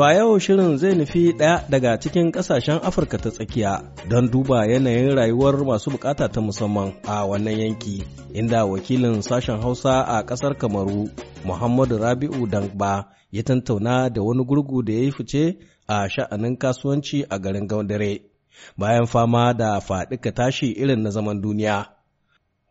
To a yau shirin zai nufi ɗaya daga cikin ƙasashen Afirka ta tsakiya don duba yanayin rayuwar masu bukata ta musamman a wannan yanki, inda wakilin sashen Hausa a ƙasar Kamaru, Muhammadu Rabi'u Dangba ya tantauna da wani gurgu da ya yi fice a sha'anin kasuwanci a garin Gaudare, bayan fama da faɗika tashi irin na zaman duniya.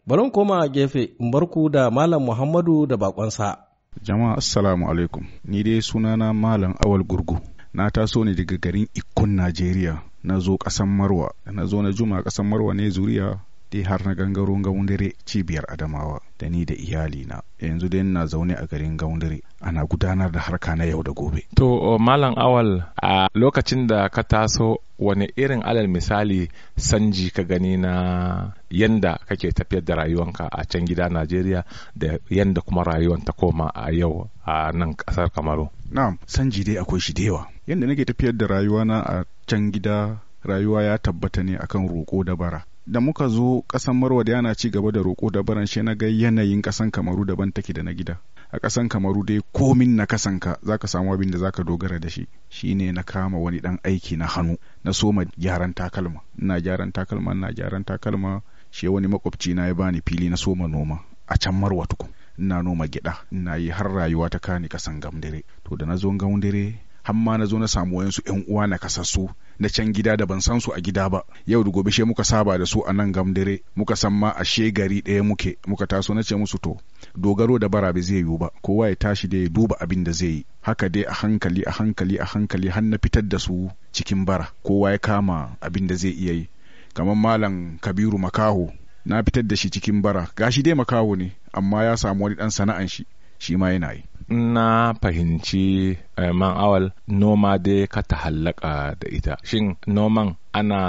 Barin koma gefe in barku da Malam Muhammadu da bakonsa. Jama'a assalamu alaikum. Ni dai sunana Malam Awal Gurgu. Na taso ne daga garin Ikkun Najeriya. Na zo ƙasan Marwa. Na zo na juma ƙasan Marwa ne zuriya dai har na gangaro gaundare cibiyar adamawa da ni da iyali na. yanzu dai na zaune a garin gaundare ana gudanar da harka na yau da gobe to oh, malam awal a lokacin da ka taso wani irin alal misali sanji ka gani na yanda kake tafiyar da rayuwanka a can gida najeriya da yanda kuma rayuwan ta koma a yau a nan kasar kamaru na'am sanji dai akwai shi da yawa yanda nake tafiyar da rayuwana a can gida rayuwa ya tabbata ne akan roƙo da bara da muka zo ƙasan da yana ci gaba da roƙo da baran na ga yanayin ƙasan kamaru daban take da na gida a ƙasan kamaru dai komin na kasanka za ka samu abin da za ka dogara da shi shine na kama wani ɗan aiki na hannu na soma gyaran takalma ina gyaran takalma ina gyaran takalma shi wani makwabci na ya bani fili na soma noma a can marwa tukun ina noma gyaɗa ina yi har rayuwa ta kani kasan gamdare to da na zo gamdare hamma ma na zo na samu wayansu yan uwa na kasassu na can gida da ban san su a gida ba yau da gobe she muka saba da su a nan gamdare muka san ma a she gari ɗaya muke muka taso na ce musu to dogaro da bara bai zai yiwu ba kowa ya tashi da ya duba abin da zai yi haka dai a hankali a hankali a hankali har na fitar da su cikin bara kowa ya kama abin da zai iya yi kamar malam kabiru makaho na fitar da shi cikin bara gashi dai makaho ne amma ya samu wani dan sana'an shi shi ma yana yi na fahimci eh, man awal noma dai ka ta hallaka da ita shin noman ana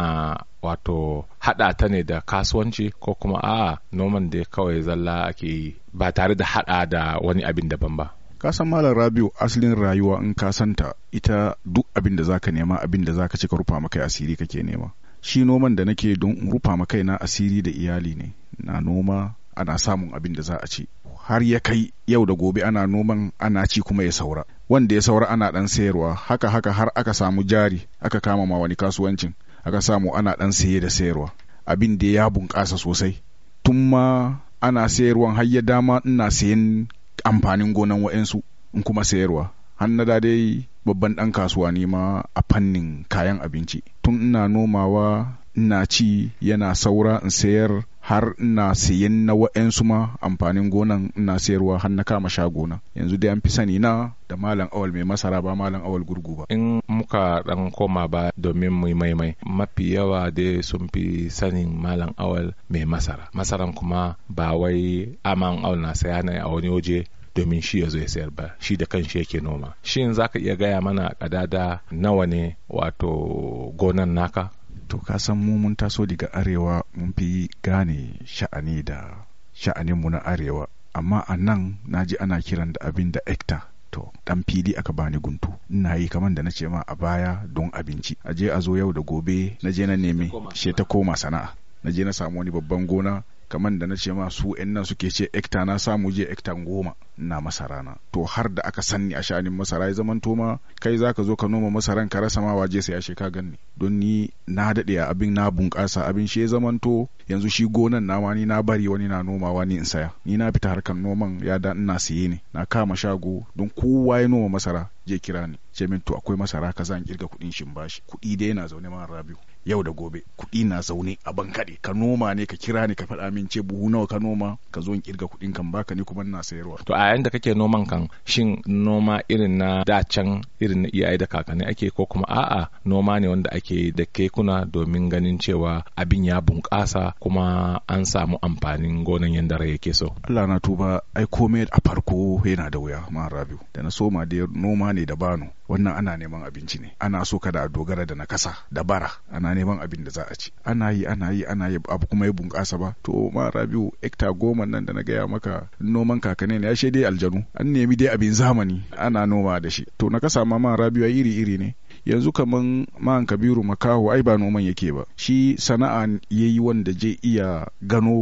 wato hada ta ne da kasuwanci ko kuma a noman dai kawai zalla ake yi ba tare da hada da wani abin daban ba ka san malam rabiu asalin rayuwa in ka santa ita duk abin da zaka nema abin da zaka cika rufa maka asiri kake nema shi noman da nake don rufa maka na asiri da iyali ne na noma ana samun abin da za a ci har ya kai yau da gobe ana noman ana ci kuma ya saura wanda ya saura ana dan sayarwa haka haka har aka samu jari aka kama ma wani kasuwancin aka samu ana dan saye da sayarwa abin da ya bunƙasa sosai tun ma ana sayarwan har ya dama ina sayen amfanin gonan wa'ensu in kuma sayarwa har na dai babban dan kasuwa ne ma a fannin kayan abinci tun ina nomawa ina ci yana saura in sayar har na siyan na wa'ensu ma amfanin gonan na sayarwa har na kama sha gona yanzu dai an fi sani na da malam awal mai masara ba malam awal gurgu ba in muka dan koma ba domin mu maimai mafi yawa dai sun fi sanin malam awal mai masara masaran kuma ba wai aman awal na saya ne a wani waje domin shi ya zo ya sayar ba shi da kanshi yake noma shin zaka iya gaya mana kadada nawa ne wato gonan naka to ka san mu mun taso daga arewa mun fi gane sha'ani da sha'aninmu na arewa amma a nan na ji ana kiran da abin da ekta to dan fili aka bani guntu ina yi kamar da na ce ma a baya don abinci a je a zo yau da gobe na je na neme she ta koma sana'a na je na samu wani babban gona kamar da na ce ma su 'yan nan suke ce ekta na samu je ektan goma na masara na to har da aka sanni a sha'anin masara ya zaman toma kai za ka zo ka noma masaran ka rasa ma waje sai ashe ka ganni don ni na daɗe a abin na bunƙasa abin shi ya zaman to yanzu shi gonan na ni na bari wani na nomawa ni in saya ni na fita harkar noman ya da ina siye ne na kama shago don kowa ya noma masara je kira ni ce min to akwai masara ka zan kirga kuɗin shin bashi kuɗi dai na zaune ma rabiu yau da gobe kuɗi na zaune a bankaɗe ka noma ne ka kira ni ka faɗa min ce buhu nawa ka noma ka zo in kirga kuɗin kan baka ni kuma ina sayarwa to a yayin da kake noman kan shin noma irin na dacan irin na iyaye da kakanni ake ko kuma a'a noma ne wanda ake da kekuna domin ganin cewa abin ya bunƙasa kuma an samu amfanin gonan yadda rai yake so. Allah na tuba ai komai a farko yana da wuya ma Rabiu da na soma da noma ne da bano wannan ana neman abinci ne ana so kada a dogara da nakasa da bara ana neman abin da za a ci ana yi ana yi ana yi abu kuma ya bunƙasa ba to ma Rabiu hekta goma nan da na gaya maka noman kakanni ne ya sai dai aljanu an nemi dai abin zamani ana noma da shi to na kasa ma man rabiwa iri iri ne yanzu kaman man kabiru makaho ai ba noman yake ba shi sana'a ya yi wanda je iya gano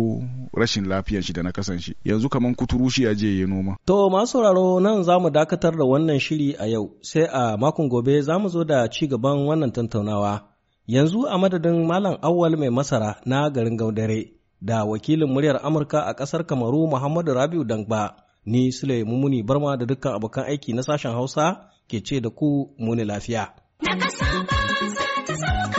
rashin lafiyar shi da na kasan shi yanzu kaman kuturu shi ya je ya noma to masu sauraro nan za mu dakatar da wannan shiri a yau sai a makon gobe za mu zo da ci gaban wannan tattaunawa yanzu a madadin malam awwal mai masara na garin gaudare da wakilin muryar amurka a ƙasar kamaru muhammadu rabiu dangba Ni Sule Mumuni Barma da dukkan abokan aiki na sashen Hausa ke ce da ku muni lafiya. Na kasa ba za ta sauka.